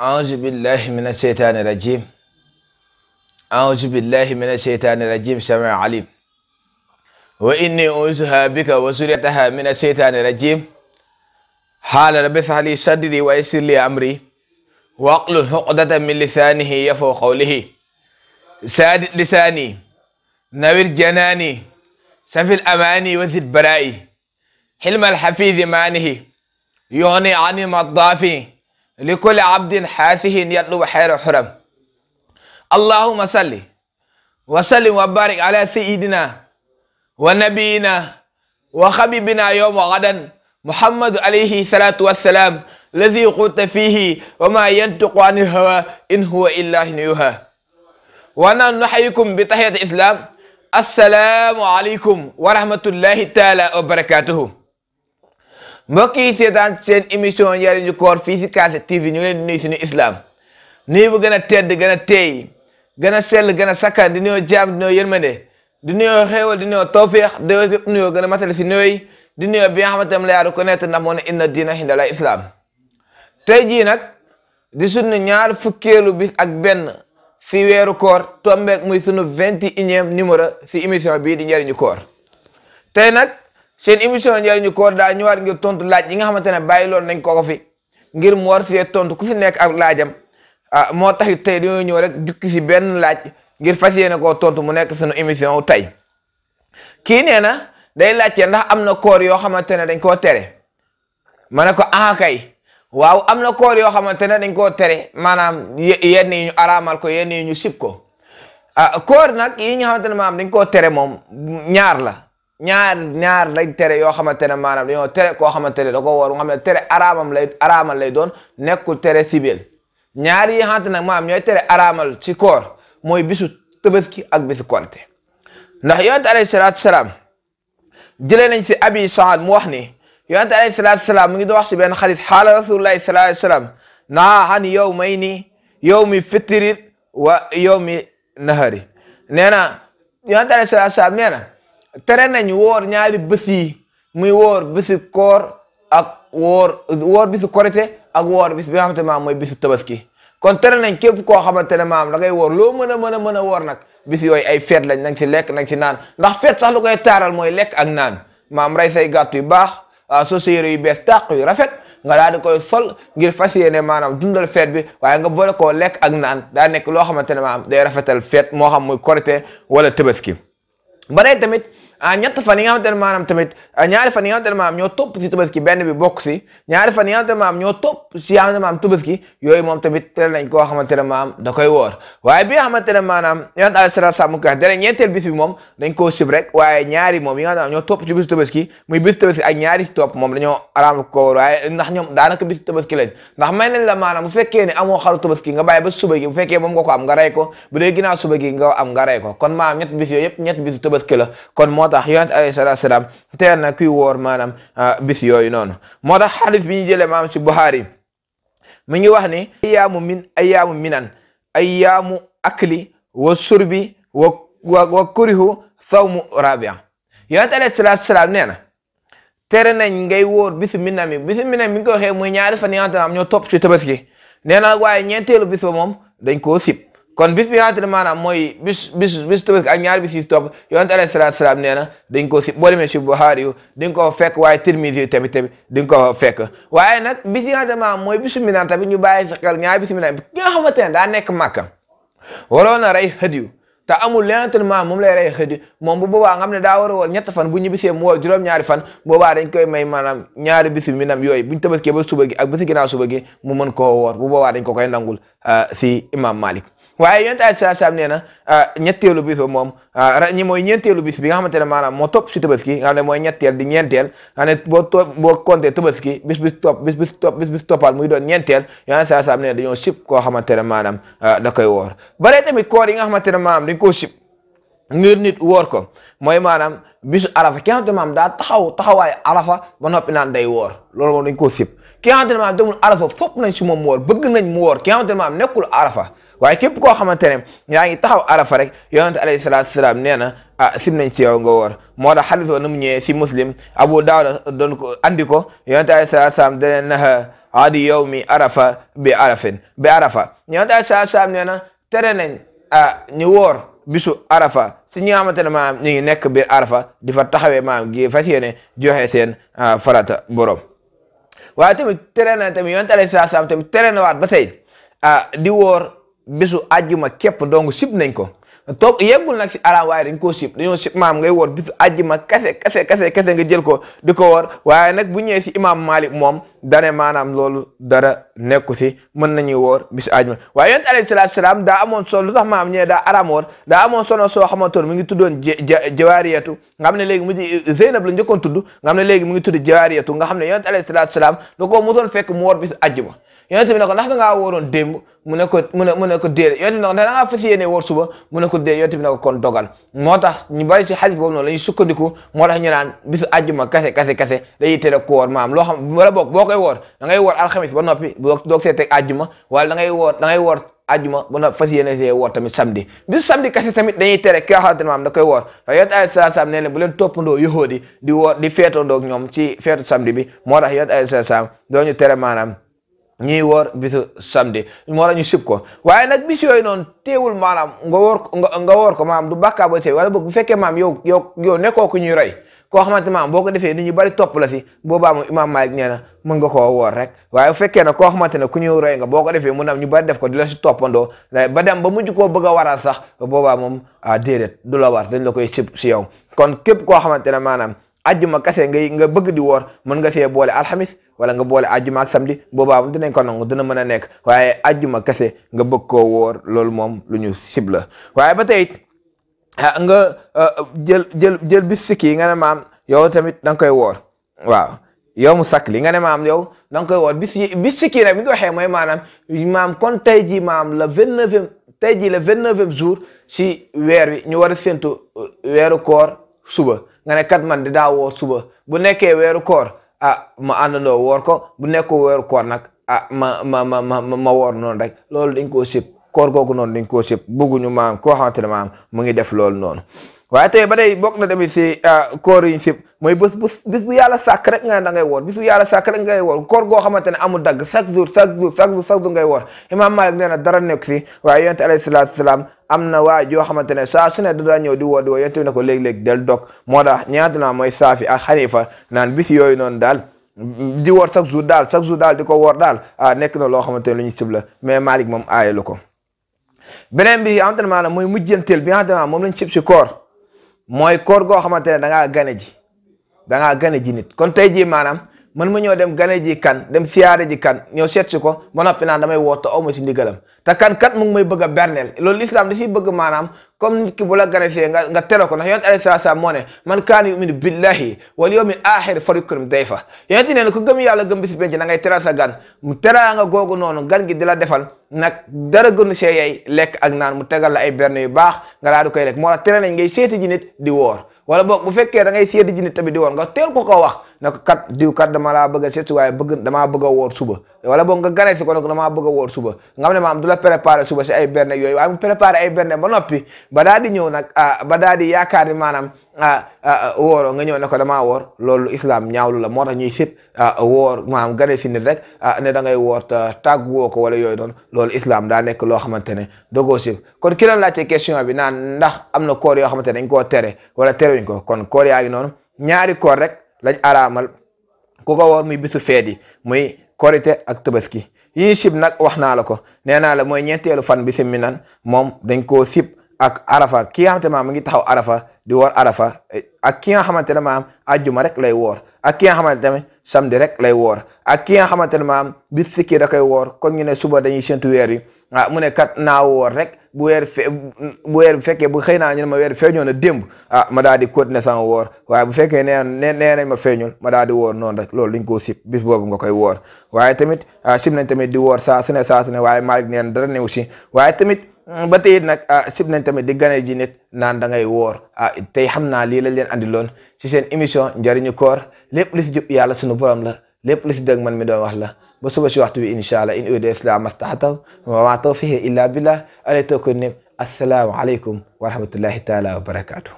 أعوذ بالله من الشيطان الرجيم أعوذ بالله من الشيطان الرجيم سمع عليم وإني أعوذها بك وسريتها من الشيطان الرجيم حال رب اشرح لي صدري ويسر لي أمري واقلل عقدة من لسانه يفقهوا قولي سادد لساني نوّر جناني سفي الأماني وزد برائي حلم الحفيظ مانه يغني عني مضافي li kulli abdin xaatihin yatlubu xayra xuram allahuma salli wa sallim wa barik ala sayidina wa nabiyina wa xabibina yowma gadan muhammadu alayhi salatu wassalaam lazi qulta fihi wa ma yantiqu an ilhawa in huwa illa yuha wa nahnu nuxyikum bi taxiyati islam assalaamu aleykum wa rahmatullahi taala wa barakatuhu mbokk yi seetaan seen émission njariñu koor fii si Kaase TV ñu leen di nuyu suñu islam nuyu bu gën a tedd gën a teey gën a sell gën a sakkan di nuyoo jaam di nuyoo yërmande di nuyoo xéewal di nuyoo tawféex di nuyoo gën a matale si nuyoy di nuyoo bi nga xamante ne la reconnaître ndax moo ne inna diina hindala islam tey jii nag di sunu ñaar fukkeelu bis ak benn fi weeru koor tombeek muy sunu vingt et unième numéro si émission bii di njariñu koor tey nag seen émission njëriñu koor daa ñëwaat ngir tontu laaj yi nga xamante ne bàyyi loon nañ ko ko fi ngir mu war tontu ku si nekk ak laajam ah, moo tax it tey dañoo ñëw rek jukki si benn laaj ngir fas yéene koo tontu mu nekk sunu émission tey kii nee na day laajte ndax am na koor yoo xamante ne dañ koo tere ma ne ko aha kay waaw am na koor yoo xamante ne dañ koo tere maanaam yenn yi ñu araamal ko yenn yi ñu sib ko ah koor nag yi nga xamante ne maanaam dañ koo tere moom ñaar la ñaar ñaar lay tere yoo xamante ne maanaam dañoo tere koo xamante ne da ko war nga xam ne tere araamam lay doon nekkul tere sibeel ñaar yi xamante nag maanaam ñooy tere araamal ci koor mooy bisu tëbaski ak bisu korite ndax yonente alayhi salaatu salaam jëlee nañ si abi saad mu wax ni yonente alayhi salaam mu ngi doo wax si benn xadis xaala rasulullahi salaam naa an yow may ni yow mi fitirit wa yow mi nahari nee na yonente salaam nee na tere nañ woor ñaari bés yi muy woor bésu koor ak woor woor bésu korite ak woor bis bi nga maam mooy bésu tabaski kon tere nañ képp koo xamante ne maam da ngay woor loo mën a mën a mën a woor nag bissi yooyu ay feet lañ nang ci lekk nang ci naan ndax feet sax lu taaral mooy lekk ak naan maam rey say gàtt yu baax ah, soo sa yére yu bees tàq yu rafet nga daal di koy sol ngir fas yéene maanaam dundal feet bi waaye nga boole koo lekk ak naan daa nekk loo xamante ne day rafetal feet moo xam muy korite wala tabaski ah ñett fan yi nga xamante ne maanaam tamit ah, ñaari fan yi nga xamante ne maanaam ñoo topp si tabaski benn bi bokk si ñaari fan yi nga xamante ne maanaam ñoo topp si xamante ne maanaam tabaski yooyu moom tamit tere nañ koo xamante ne maanaam da koy woor waaye bi nga xamante ne maanaam yonent alayhi salaatu salaam ko dara ñeenteel bis bi moom dañ koo sib rek waaye ñaari moom yi nga xamante ne ñoo topp ci bisu tabaski muy bisu tabaski ak ñaari si topp moom dañoo araam ko woor waaye ndax ñoom daanaka bisu tabaski lañ ndax may nañ la maanaam bu fekkee ne amoo xaru tabaski nga bàyyi ba suba gi bu fekkee moom nga ko am nga rey ko bu dee ginnaaw suba gi nga am nga rey ko kon maanaam ñett bis yooyu yëpp ñett bisu tabaski la kon moo tax yonent alayhi salaatu salaam teel na kuy woor maanaam ah, bis yooyu noonu moo ta xadis bi ñu jëlee maam ci Buxaari mi ngi wax ni ayaamu min ayaamu minan ayaamu akli wa surbi wa wa kurihu sawmu rabia yonent alayhi salaatu salaam nee na tere nañ ngay wóor bisu minam yi bisu minam mi ngi ko waxee mooy ñaari fan yi nga xam ñoo topp ci tabaski nee na waaye ñeenteelu bis ba moom dañ koo sib kon bis bi nga xamante ne maanaam mooy bis bis bis tabaski ak ñaar bis yi topp yonent alayhi salaatu salaam nee na dañ ko si boo me si Buxaari yu di ko fekk waaye Tirmisi yu tamit tamit di ko fekk waaye nag bis yi nga xamante ne maanaam mooy bisu Minaan tamit ñu bàyyi si xel ñaar bisu Minaan ki nga xamante nekk Màkka waroon na rey hadiyu te amul leneen maam moom lay rey moom bu boobaa nga xam ne daa war a ñett fan bu ñu bisee mu woor ñaari fan boobaa dañ koy may maanaam ñaari bisu Minaan yooyu buñ tabaskee ba suba gi ak bisu ginnaaw suba gi mu mën koo woor bu boobaa dañ ko koy nangul ah, si Imam Malik waaye yonent alayhi salaatu salaam nee na ah, ñetteelu bis moom ah, mooy ñeenteelu bis bi nga xamante ne maanaam moo topp si tabaski nga xam ne mooy ñetteel di ñeenteel nga ne boo to boo compté tabaski bis bis topp bis bis topp bis bis muy doon ñeenteel yonent alayhi salaatu salaam nee na dañoo sib koo xamante ne maanaam ah, da koy woor bare tamit koor yi nga xamante ne maanaam dañ koo sib woor ko mooy maanaam bisu arafa ki nga xamante ne maanaam daa taxaw taxawaay arafa ba noppi naan day woor loolu moom dañ koo sib ki nga xamante ne maanaam demul arafa fopp nañ si moom woor bëgg nañ mu woor ki nga xamante ne maanaam nekkul arafa waaye képp koo xamante ne yaa ngi taxaw arafa rek yonent alayhi nee na ah sim nga woor moo tax xadis wa nu mu si muslim abu daawda doon ko andi ko yonent alayhi salaatu salaam dana naha adi yawmi arafa bi arafin bi na tere nañ ah ñu woor bisu arafa si ñi nga xamante ne maanaam ñu ngi nekk biir arafa di fa taxawee ma gi fas yéene joxe seen ah, farata borom waaye tamit tere na tamit yonent alayhi tere na waat ba ah, di woor bésu àjjuma képp donc sib nañ ko toog yeggul nag si araam waaye ko koo sib dañoo sib maam ngay woor bésu àjjuma kese kese kese kese nga jël ko di ko woor waaye nag bu ñëwee si imaam Malik moom dane maanaam loolu dara nekku si na nañuy woor bésu àjjuma waaye yonent alayhi salaatu salaam daa amoon solo lu tax maam ñëwee daa araam woor daa amoon solo soo xamantoon mu ngi tuddoon jawaariyatu nga xam ne léegi mu ngi Zeynab la njëkkoon tudd nga xam ne mu ngi tudd jawaariyatu nga xam ne yonent alayhi salaatu salaam da koo mosoon fekk mu woor bésu àjjuma yonent bi ne ko ndax da ngaa wóoroon démb mu ne ko mu ne mu ne ko déedéet yonent bi ne ko ndax da ngaa fas yéene wóor suba mu ne ko déedéet yonent bi ne ko kon dogal moo tax ñu bari ci xaalis boobu noonu la ñuy sukkandiku moo tax ñu naan bisu àjjuma kase kase kase dañuy tere ko woor maam loo xam wala boog boo koy woor da ngay woor alxamis ba noppi doog see teg àjjuma wala da ngay woor da ngay woor ajuma bu na fas yéene see woor tamit samedi bisu samedi kese tamit dañuy tere ki nga xamante ne maam da koy woor yonent alayhi salaam nee na bu leen toppandoo yahudi di woor di feetandoo ak ñoom ci feetu samedi bi moo tax yonent alayhi salaam doo ñu tere maanaam ñuy woor bisu samedi moo la ñu sib ko waaye nag bis yooyu noonu teewul maanaam nga woor nga woor ko maanaam du bàkkaa ba tey wala boog bu fekkee maam yow yow yow nekkoo ku ñuy roy koo xamante maam boo ko defee nit ñu bari topp la si boobaa moom imaam Malik nee ko mën nga koo woor rek waaye bu fekkee nag koo xamante ne ku ñuy roy nga boo ko defee mu nam ñu bari def ko di la si toppandoo ba dem ba mujj koo bëgg a waral sax boobaa moom ah, déedéet du la war dañ la koy sib si yow kon képp koo xamante ne ajjuma kase ngay nga bëgg di woor mën nga see boole alxamis wala nga boole ajjuma ak samedi boobaa dinañ ko nangu dina mën a nekk waaye ajjuma kase nga bëgg koo woor loolu moom lu ñu sib la waaye ba tey ah, nga ah, jël jël jël bis sikki nga ne maam yow tamit da koy wor waaw yow mu li nga ne maam yow da koy woor bis yi bis sikki nag bi nga waxee mooy maanaam maam kon tey jii maam la vingt neuvième tey jii la vingt neuvième jour si weer wi ñu war a séntu euh, weeru koor suba nga ne kat man di daa woor suba bu nekkee weeru koor ah ma àndandoo woor ko bu nekkoo weeru koor nag ah ma ma ma ma ma woor noonu rek loolu dañ koo sib koor googu noonu dañ koo sib bugguñu maam koo xamante ne maam mu ngi def loolu noonu waaye te ba day bokk na tamit si ah, koor yi ñu sib mooy bés bés bés bu yàlla sàkk rek nga da ngay woor bés bu yàlla sàkk rek ngay woor koor goo xamante ne amul dagg chaque jour chaque jour chaque jour chaque jour ngay woor imaam Malik nee na dara nekk si waaye yonent alayhi salaatu salaam am na waa joo xamante ne saa su ne da ñëw di woor di woor yonent bi ne ko léeg-léeg del dog moo tax ñaata naa mooy saafi a xanifa naan bis yooyu noonu daal di woor chaque jour daal chaque jour daal di ko woor daal ah nekk na loo xamante ne lu ñu sib la mais Malik moom aayalu ko beneen bi xamante ne maanaam mooy mujjanteel bi nga xamante moom lañ si koor mooy koor goo xamante ne da ngaa gane ji da ngaa gane nit kon tey jii maanaam man ma ñëw dem gane ji kan dem siyaare ji kan ñëw seet si ko ba noppi naan damay woote aw ma si ndigalam te kan kat mu ngi may bëgg a berneel loolu lislaam da siy bëgg maanaam comme nit ki bu la gane see nga nga tere ko ndax yonent alayhi salaatu salaam moo ne man kaana yuminu billahi wal yawmil aaxir falyukrim dayfa yonent nee na ku gëm yàlla gëm bis penc na ngay teral sa gan mu teraa nga googu noonu gan gi di la defal nag dara gënu see yey lekk ak naan mu tegal la ay berne yu baax nga laa koy lekk moo tere nañ ngay seeti ji nit di woor wala boog bu fekkee da ngay seeti tamit di woor nga teel ko ko wax ne ko kat diw kat dama laa bëgg a seet waaye bëgg damaa bëgg a woor suba wala boog nga gane si ko nag damaa bëgg woor suba nga ne maam du la préparé suba si ay berne yooyu waaye mu préparé ay berne ba noppi ba daa di ñëw nag ah, ba daa di yaakaar ni maanaam ah, ah, wooro nga ñëw ne ko damaa woor loolu islam ñaawlu la moo tax ñuy sib woor maam gane si nit rek ne da ngay woor tàgg woo ko wala yooyu noonu loolu islam daa nekk loo xamante ne dogoo sib kon ki doon laajte question bi naan ndax am na koor yoo xamante ne dañ ko kon koor yaa ngi noonu ñaari koor rek lañ araamal ku ko woor muy bisu feet yi muy korite ak tabaski yii sib nag wax naa la ko nee naa la mooy ñeenteelu fan bi si minan moom dañ koo sib ak arafa ki nga ngi taxaw arafa di woor arafa ak ki nga xamante ne maam ajjuma rek lay woor ak ki nga xamante tamit samedi rek lay woor ak ki nga xamante ne maam bis sikki da koy woor kon ñu ne suba dañuy séntu weer yi ah mu ne kat naa woor rek bu weer fe bu weer fekkee bu xëy naa ñu ma weer feeñoon na démb ah ma daal di continuer sama woor waaye bu fekkee nee nee nañ ma feeñul ma daa di woor noon rek loolu dañ koo sib bis boobu nga koy woor waaye tamit ah, sib nañ tamit di woor saa su ne saa su ne waaye maalik neen dara new si waaye tamit mm, ba tey it nag ah, sib nañ tamit di gane ji nit naan da ngay woor a ah, tey xam naa lii lañ leen andiloon si seen émission njariñu koor lépp li si jub yàlla sunu borom la lépp lu si dëgg man mi doon wax la ba suba si waxtu bi incha allah in uriidu islaaha mastaxataw wa maa tawfiiqi illaa billah alayhi tawakkaltu assalaamu aleykum wa rahmatullahi taala wa barakaatu